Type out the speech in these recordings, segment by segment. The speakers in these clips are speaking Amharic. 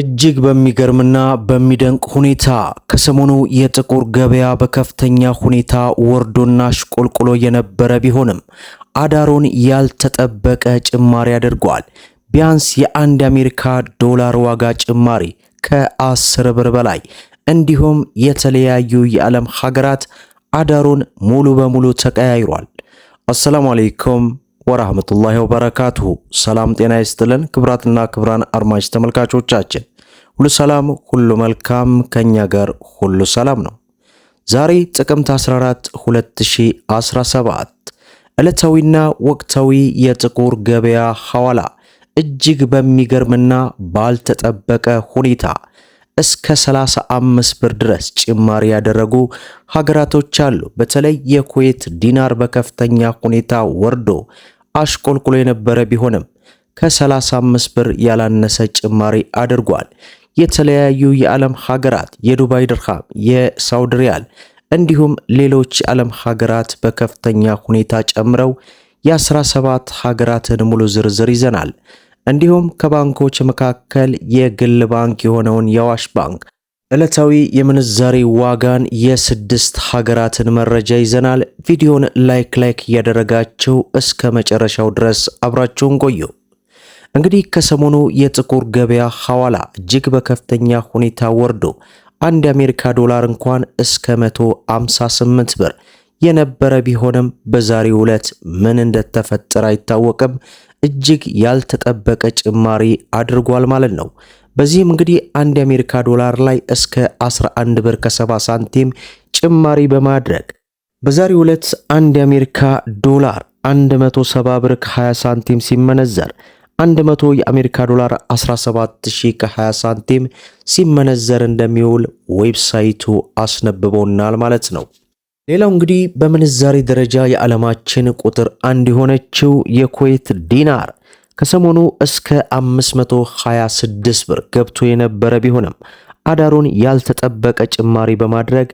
እጅግ በሚገርምና በሚደንቅ ሁኔታ ከሰሞኑ የጥቁር ገበያ በከፍተኛ ሁኔታ ወርዶና ሽቆልቁሎ የነበረ ቢሆንም አዳሩን ያልተጠበቀ ጭማሪ አድርጓል። ቢያንስ የአንድ አሜሪካ ዶላር ዋጋ ጭማሪ ከአስር ብር በላይ እንዲሁም የተለያዩ የዓለም ሀገራት አዳሩን ሙሉ በሙሉ ተቀያይሯል። አሰላሙ አሌይኩም ወራህመቱላሂ ወበረካቱሁ። ሰላም ጤና ይስጥልን ክብራትና ክብራን አድማጭ ተመልካቾቻችን ሁሉ ሰላም ሁሉ መልካም፣ ከኛ ጋር ሁሉ ሰላም ነው። ዛሬ ጥቅምት 14 2017 ዕለታዊና ወቅታዊ የጥቁር ገበያ ሐዋላ እጅግ በሚገርምና ባልተጠበቀ ሁኔታ እስከ 35 ብር ድረስ ጭማሪ ያደረጉ ሀገራቶች አሉ። በተለይ የኩዌት ዲናር በከፍተኛ ሁኔታ ወርዶ አሽቆልቁሎ የነበረ ቢሆንም ከ35 ብር ያላነሰ ጭማሪ አድርጓል። የተለያዩ የዓለም ሀገራት የዱባይ ድርሃም፣ የሳውዲ ሪያል እንዲሁም ሌሎች የዓለም ሀገራት በከፍተኛ ሁኔታ ጨምረው የ17 ሀገራትን ሙሉ ዝርዝር ይዘናል። እንዲሁም ከባንኮች መካከል የግል ባንክ የሆነውን የአዋሽ ባንክ ዕለታዊ የምንዛሬ ዋጋን የስድስት ሀገራትን መረጃ ይዘናል። ቪዲዮን ላይክ ላይክ እያደረጋችሁ እስከ መጨረሻው ድረስ አብራችሁን ቆዩ። እንግዲህ ከሰሞኑ የጥቁር ገበያ ሐዋላ እጅግ በከፍተኛ ሁኔታ ወርዶ አንድ የአሜሪካ ዶላር እንኳን እስከ 158 ብር የነበረ ቢሆንም በዛሬው ዕለት ምን እንደተፈጠረ አይታወቅም። እጅግ ያልተጠበቀ ጭማሪ አድርጓል ማለት ነው። በዚህም እንግዲህ አንድ የአሜሪካ ዶላር ላይ እስከ 11 ብር ከ70 ሳንቲም ጭማሪ በማድረግ በዛሬው ዕለት አንድ የአሜሪካ ዶላር 170 ብር ከ20 ሳንቲም ሲመነዘር 100 የአሜሪካ ዶላር 170 ከ20 ሳንቲም ሲመነዘር እንደሚውል ዌብሳይቱ አስነብቦናል ማለት ነው። ሌላው እንግዲህ በምንዛሬ ደረጃ የዓለማችን ቁጥር አንድ የሆነችው የኩዌት ዲናር ከሰሞኑ እስከ 526 ብር ገብቶ የነበረ ቢሆንም አዳሩን ያልተጠበቀ ጭማሪ በማድረግ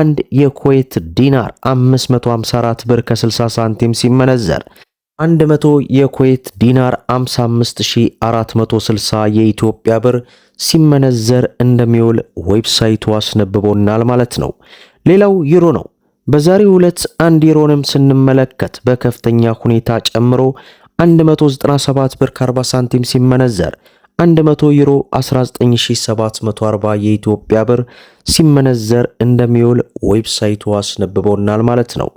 አንድ የኩዌት ዲናር 554 ብር ከ60 ሳንቲም ሲመነዘር 100 የኩዌት ዲናር 55460 የኢትዮጵያ ብር ሲመነዘር እንደሚውል ዌብሳይቱ አስነብቦናል ማለት ነው። ሌላው ዩሮ ነው። በዛሬው ዕለት አንድ ዩሮንም ስንመለከት በከፍተኛ ሁኔታ ጨምሮ 197 ብር 40 ሳንቲም ሲመነዘር 100 ዩሮ 19740 የኢትዮጵያ ብር ሲመነዘር እንደሚውል ዌብሳይቱ አስነብቦናል ማለት ነው።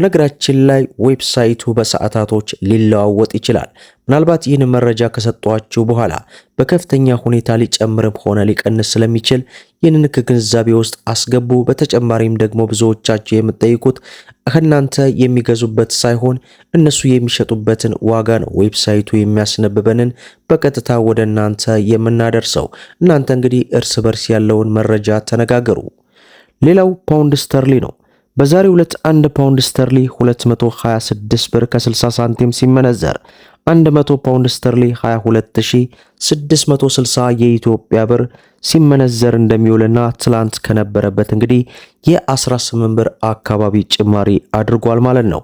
በነገራችን ላይ ዌብሳይቱ በሰዓታቶች ሊለዋወጥ ይችላል። ምናልባት ይህን መረጃ ከሰጧችሁ በኋላ በከፍተኛ ሁኔታ ሊጨምርም ሆነ ሊቀንስ ስለሚችል ይህንን ከግንዛቤ ውስጥ አስገቡ። በተጨማሪም ደግሞ ብዙዎቻችሁ የምትጠይቁት ከእናንተ የሚገዙበት ሳይሆን እነሱ የሚሸጡበትን ዋጋ ነው። ዌብሳይቱ የሚያስነብበንን በቀጥታ ወደ እናንተ የምናደርሰው። እናንተ እንግዲህ እርስ በርስ ያለውን መረጃ ተነጋገሩ። ሌላው ፓውንድ ስተርሊ ነው። በዛሬው ዕለት 1 ፓውንድ ስተርሊ 226 ብር ከ60 ሳንቲም ሲመነዘር 100 ፓውንድ ስተርሊ 22660 የኢትዮጵያ ብር ሲመነዘር እንደሚውልና ትላንት ከነበረበት እንግዲህ የ18 ብር አካባቢ ጭማሪ አድርጓል ማለት ነው።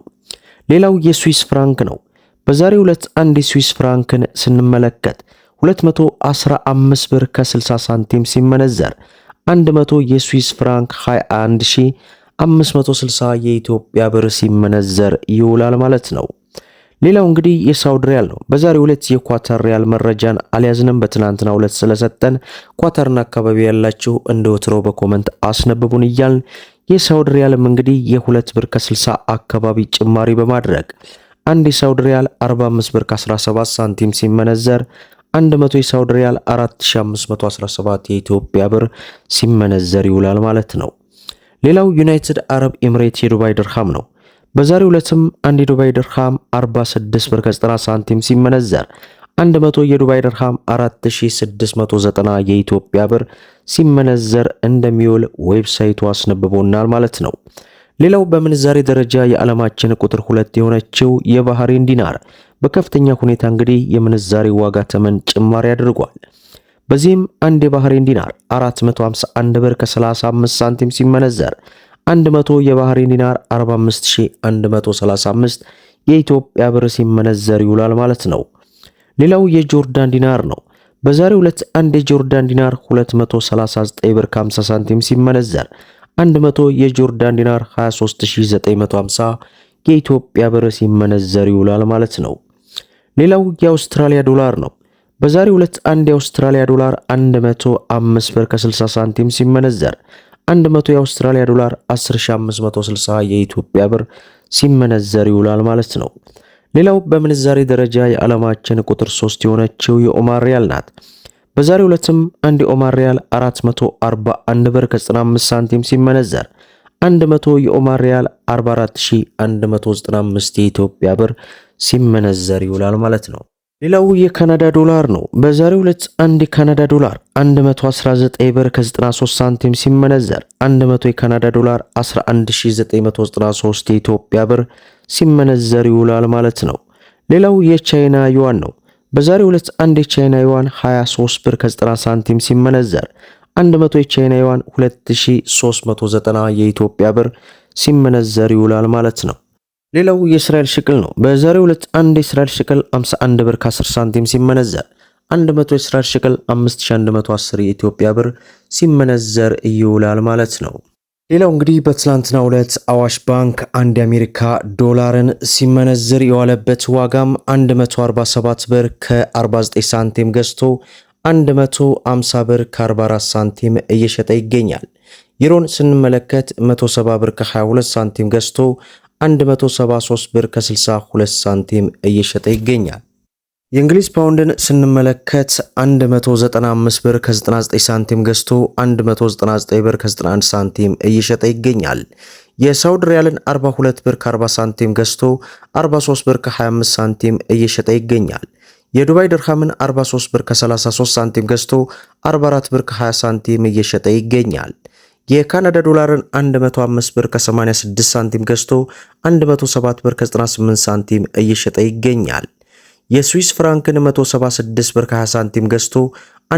ሌላው የስዊስ ፍራንክ ነው። በዛሬው ዕለት አንድ የስዊስ ፍራንክን ስንመለከት 215 ብር ከ60 ሳንቲም ሲመነዘር 100 የስዊስ ፍራንክ 21000 560 የኢትዮጵያ ብር ሲመነዘር ይውላል ማለት ነው። ሌላው እንግዲህ የሳውዲ ሪያል ነው። በዛሬ ሁለት የኳተር ሪያል መረጃን አልያዝንም። በትናንትና ሁለት ስለሰጠን ኳተርና አካባቢ ያላችሁ እንደ ወትሮ በኮመንት አስነብቡን እያልን የሳውዲ ሪያልም እንግዲህ የሁለት ብር ከ60 አካባቢ ጭማሪ በማድረግ አንድ የሳውዲ ሪያል 45 ብር ከ17 ሳንቲም ሲመነዘር 100 የሳውዲ ሪያል 4517 የኢትዮጵያ ብር ሲመነዘር ይውላል ማለት ነው። ሌላው ዩናይትድ አረብ ኤምሬት የዱባይ ድርሃም ነው። በዛሬው ዕለትም አንድ የዱባይ ድርሃም 46 ብር ከ90 ሳንቲም ሲመነዘር 100 የዱባይ ድርሃም 4690 የኢትዮጵያ ብር ሲመነዘር እንደሚውል ዌብሳይቱ አስነብቦናል ማለት ነው። ሌላው በምንዛሬ ደረጃ የዓለማችን ቁጥር ሁለት የሆነችው የባህሬን ዲናር በከፍተኛ ሁኔታ እንግዲህ የምንዛሬ ዋጋ ተመን ጭማሪ አድርጓል። በዚህም አንድ የባህሬን ዲናር 451 ብር ከ35 ሳንቲም ሲመነዘር 100 የባህሬን ዲናር 45135 የኢትዮጵያ ብር ሲመነዘር ይውላል ማለት ነው። ሌላው የጆርዳን ዲናር ነው። በዛሬው ዕለት አንድ የጆርዳን ዲናር 239 ብር 50 ሳንቲም ሲመነዘር 100 የጆርዳን ዲናር 23950 የኢትዮጵያ ብር ሲመነዘር ይውላል ማለት ነው። ሌላው የአውስትራሊያ ዶላር ነው። በዛሬ ሁለት አንድ የአውስትራሊያ ዶላር 105 ብር ከ60 ሳንቲም ሲመነዘር 100 የአውስትራሊያ ዶላር 10560 የኢትዮጵያ ብር ሲመነዘር ይውላል ማለት ነው። ሌላው በምንዛሬ ደረጃ የዓለማችን ቁጥር 3 የሆነችው የኦማር ሪያል ናት። በዛሬ ሁለትም አንድ የኦማር ሪያል 441 ብር ከ95 ሳንቲም ሲመነዘር 100 የኦማር ሪያል 44195 የኢትዮጵያ ብር ሲመነዘር ይውላል ማለት ነው። ሌላው የካናዳ ዶላር ነው። በዛሬው ዕለት አንድ የካናዳ ዶላር 119 ብር ከ93 ሳንቲም ሲመነዘር 100 የካናዳ ዶላር 11993 የኢትዮጵያ ብር ሲመነዘር ይውላል ማለት ነው። ሌላው የቻይና ዩዋን ነው። በዛሬው ዕለት አንድ የቻይና ዩዋን 23 ብር ከ90 ሳንቲም ሲመነዘር 100 የቻይና ዩዋን 2390 የኢትዮጵያ ብር ሲመነዘር ይውላል ማለት ነው። ሌላው የእስራኤል ሽቅል ነው። በዛሬ ሁለት አንድ የእስራኤል ሽቅል 51 ብር ከ10 ሳንቲም ሲመነዘር 100 የእስራኤል ሽቅል 5110 የኢትዮጵያ ብር ሲመነዘር ይውላል ማለት ነው። ሌላው እንግዲህ በትላንትና ሁለት አዋሽ ባንክ አንድ የአሜሪካ ዶላርን ሲመነዝር የዋለበት ዋጋም 147 ብር ከ49 ሳንቲም ገዝቶ 150 ብር ከ44 ሳንቲም እየሸጠ ይገኛል። ዩሮን ስንመለከት 170 ብር ከ22 ሳንቲም ገዝቶ 173 ብር ከ62 ሳንቲም እየሸጠ ይገኛል። የእንግሊዝ ፓውንድን ስንመለከት 195 ብር ከ99 ሳንቲም ገዝቶ 199 ብር ከ91 ሳንቲም እየሸጠ ይገኛል። የሳውዲ ሪያልን 42 ብር ከ40 ሳንቲም ገዝቶ 43 ብር ከ25 ሳንቲም እየሸጠ ይገኛል። የዱባይ ድርሃምን 43 ብር ከ33 ሳንቲም ገዝቶ 44 ብር ከ20 ሳንቲም እየሸጠ ይገኛል። የካናዳ ዶላርን 105 ብር ከ86 ሳንቲም ገዝቶ 107 ብር ከ98 ሳንቲም እየሸጠ ይገኛል። የስዊስ ፍራንክን 176 ብር ከ20 ሳንቲም ገዝቶ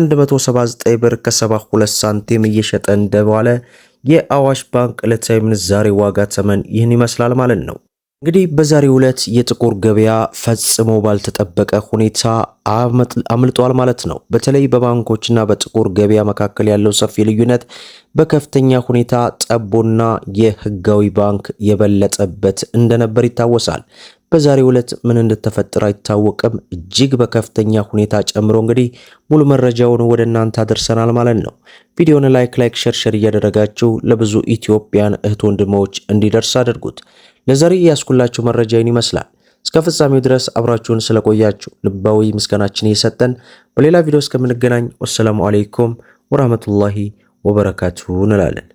179 ብር ከ72 ሳንቲም እየሸጠ እንደዋለ የአዋሽ ባንክ ዕለታዊ ምንዛሬ ዋጋ ተመን ይህን ይመስላል ማለት ነው። እንግዲህ በዛሬው ዕለት የጥቁር ገበያ ፈጽሞ ባልተጠበቀ ሁኔታ አምልጧል ማለት ነው። በተለይ በባንኮችና በጥቁር ገበያ መካከል ያለው ሰፊ ልዩነት በከፍተኛ ሁኔታ ጠቦና የህጋዊ ባንክ የበለጠበት እንደነበር ይታወሳል። በዛሬው ዕለት ምን እንደተፈጠረ አይታወቅም። እጅግ በከፍተኛ ሁኔታ ጨምሮ እንግዲህ ሙሉ መረጃውን ወደ እናንተ አድርሰናል ማለት ነው። ቪዲዮን ላይክ ላይክ ሸርሸር እያደረጋችሁ ለብዙ ኢትዮጵያን እህት ወንድሞች እንዲደርስ አድርጉት። ለዛሬ እያስኩላችሁ መረጃ ይህን ይመስላል። እስከ ፍጻሜው ድረስ አብራችሁን ስለቆያችሁ ልባዊ ምስጋናችን እየሰጠን በሌላ ቪዲዮ እስከምንገናኝ ወሰላሙ አሌይኩም ወራህመቱላሂ ወበረካቱ እንላለን።